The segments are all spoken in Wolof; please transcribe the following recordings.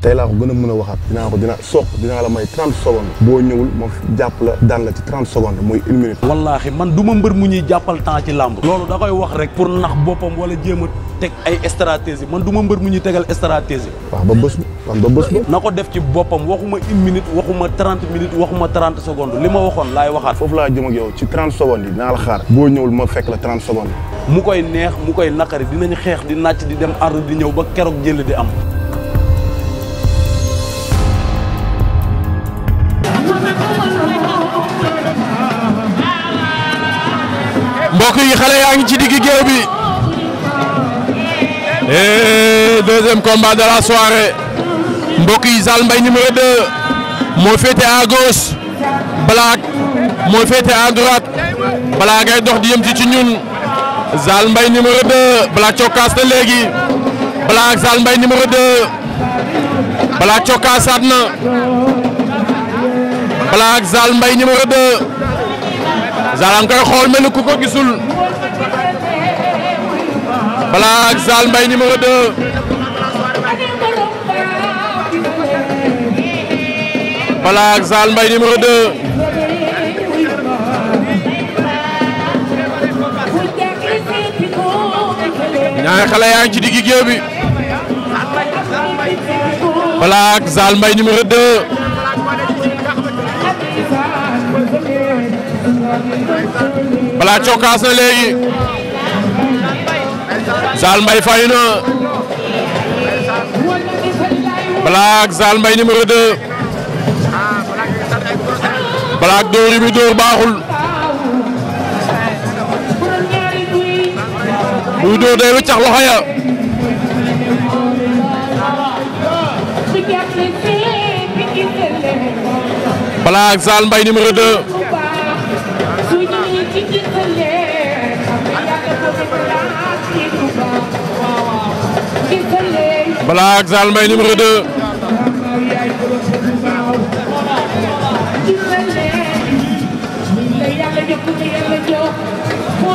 tey laa ko gën a mën a waxaat dinaa ko dina soq dinaa la may 30 secondes boo ñëwul ma jàpp la daan la ci 30 secondes muy une minute wallaahi man ma mbër mu ñuy jàppal ci làmb loolu da wax rek pour nax boppam wala jéem teg ay stratégie man du ma mbër mu ñuy tegal stratégie waaw ba bés ba ba bés ba na ko def ci boppam waxuma une minute waxuma 30 minutes waxuma 30 secondes li ma waxoon laay waxaat foofu laa jëm ak yow ci 30 secondes yi dinaa xaar boo ñëwul ma fekk la trent secondes mu koy neex mu koy naqari ñu xeex di nàcc di dem ardu di ñëw ba keroog jël di am mbokk yi xale yaa ngi ci digg géew bi et eh, deuxième combat de la soirée mbokk yi Zal mbay numéro 2 moo féete à gauche Black moo féete à droite Black ngay dox di yëm ci ci ñun Zal mbay numéro 2 Black cokkaas na léegi Black Zal Mbaye numéro 2 Black cokkaasaat na Black Zal Mbaye numéro 2. Zal nga xool mel ni ku ko gisul Black Zal Mbaye numéro 2 Black Zal Mbaye numéro 2 ñaari ngi ci digg géew bi Black Zal Mbaye numéro Bala cokaas na léegi Zal Mbaye fay na Bala ak Zal Mbaye numéro 2 baaxul muy dóor day wëccax loxo Black Zal Mbaye numéro 2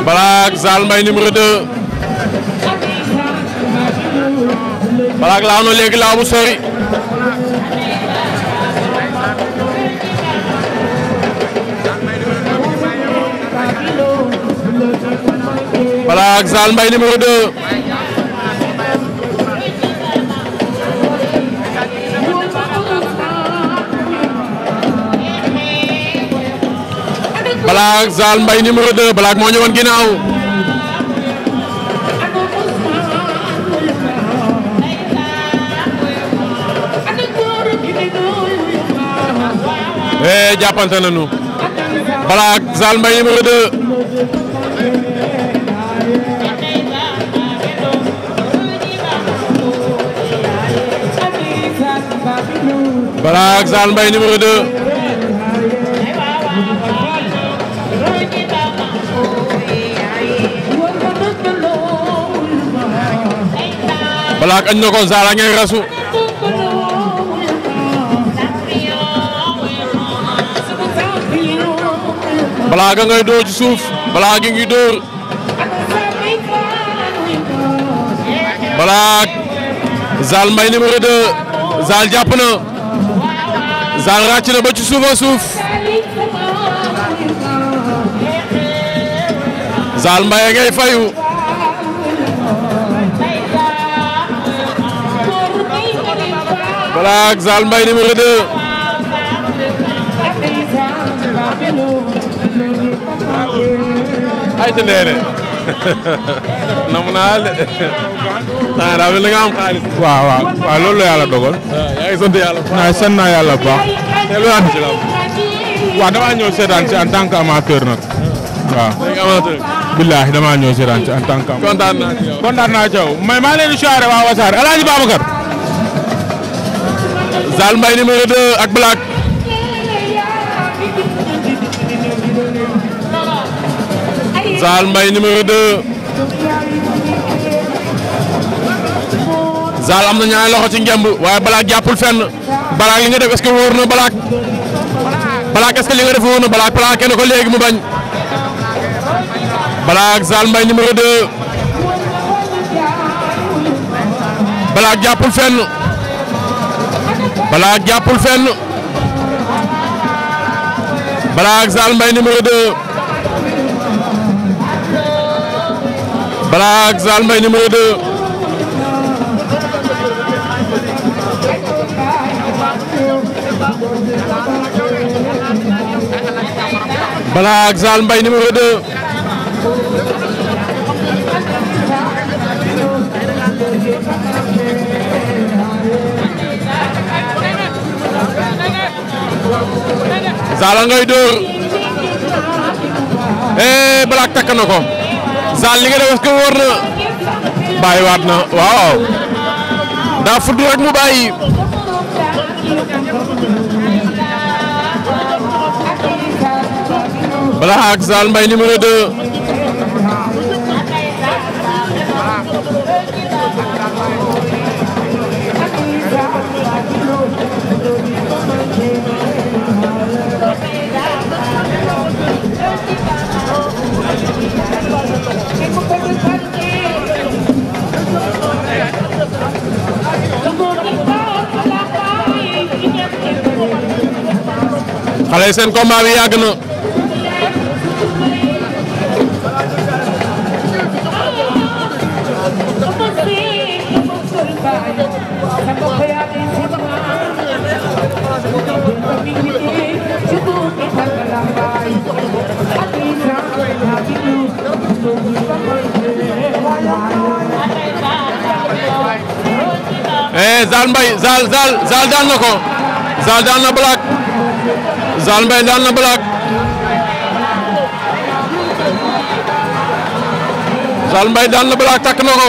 Black Zal Mbaye numéro 2 Black laaw na léegi laaw bu sori Black Zal mbay numéro 2 Black moo ñëwoon ginnaaw eh jàppante nañu Black Zal Mbaye numéro 2 Black añ na ko Zala ngay rasu Black ngay dóor ci suuf Black gi ngi dóor Black Zal may numéro 2 Zal jàpp na Zal ràcc na ba ci suuf a suuf Zal Mbaye ngay fayu Black Zal Mbaye numéro 2. ay te Ndeye namu naa de ah daa mel ni nga am xaalis. waaw waaw waaw loolu la yàlla dogal. waaw ah, yaa ngi sant yàlla bu baax sant naa yàlla bu baax. te lu ànd ci la waaw damaa ñëw seetaan ci en tant que amateur nag. waaw léegi amateur. billaahi damaa ñëw seetaan ci en tant que amateur. kontaan naa ci yow kontaan naa ci yow mais maa ngi leen di suyaare waa Wasaare El Hadj Babacar. Zal Mbaye numéro 2 ak Black Zal Mbaye numéro 2 Zal am na ñaari loxo ci ngemb waaye Black jàppul fenn Black li nga def est-ce que wóor na Black Black est-ce que li nga def wóor na Black Black kenn ko léegi mu bañ Black Zal Mbaye numéro 2 Black jàppul fenn. Black jàppul fenn Black Zal Mbaye numéro 2 Black Zal Mbaye numéro 2 Talla ngay dóor eh li nga def est-ce que wóor na bàyyiwaat na waaw daa fudd rek mu bàyyi. Black Zal Mbaye numéro 2. xale yi seen combat bi yàgg na. Eh, Zal Mbaye Zal Zal Zal daan na ko Zal daan na Black Zal Mbaye daan na Black Zal Mbaye daan na Black takk na ko